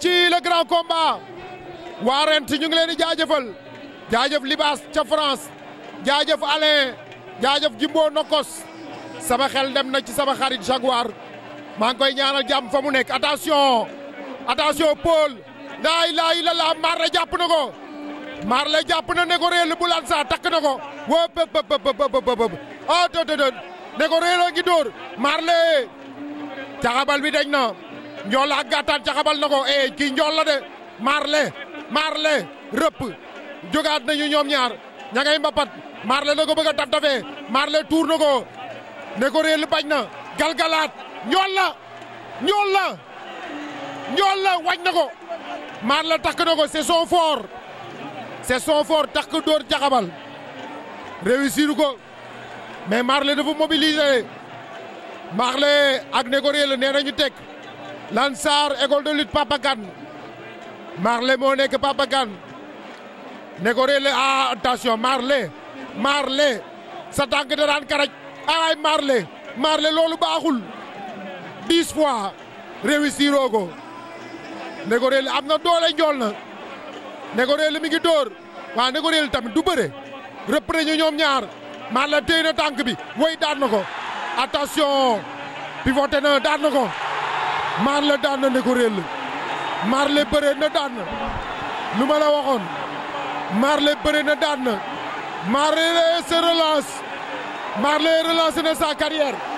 ci le grand combat waa rent ñu ngi leen di jaajëfal jaajëf Libaas ca France jaajëf Alain jaajëf Jimbo Nokos sama xel dem na ci sama xarit Jaguar maa ngi koy ñaanal jàmm fa mu nekk attention attention Paul laa ilaaha illallaah Marley jàpp na ko Marley jàpp na ne ko réel bu lan saa takk na ko wóo bëb bëb bëb bëb ah déedéet ne ko réel a ngi dóor Marley caxabal bi dañ na. Njool ak gàttaan ca xabal na ko eh kii Njool la de Marley Marley rëpp jógaat nañu ñoom ñaar ña ngay mbapat na ko bëgg a taf tafee tuur na ko ne ko réel na galgalaat Njool la Njool la Njool la wañ na ko Marley takk na ko c'est son fort c'est son fort takk dóor ca xabal réussir ko mais Marley dafa mobiliser Marley ak ne ko réel nee nañu teg. Lansar école de lutte Papa Kane moo nekk Papa Kane Négoréle ah attention marle marle sa tànk da daan karaj ay marle Marley loolu baaxul dix fois réussir oo ko Négoréle am na doole njool na Négoréle mi ngi ne ko Négoréle tamit du bëre reprene ñoom ñaar Marley téye na tànk bi way daan na ko attention pivoté na daan na ko Marley daan na ne ko réel Marley bëree na daan na lu ma la waxoon Marley bëree na daan na Marley se relance Marley relancé na sa carrière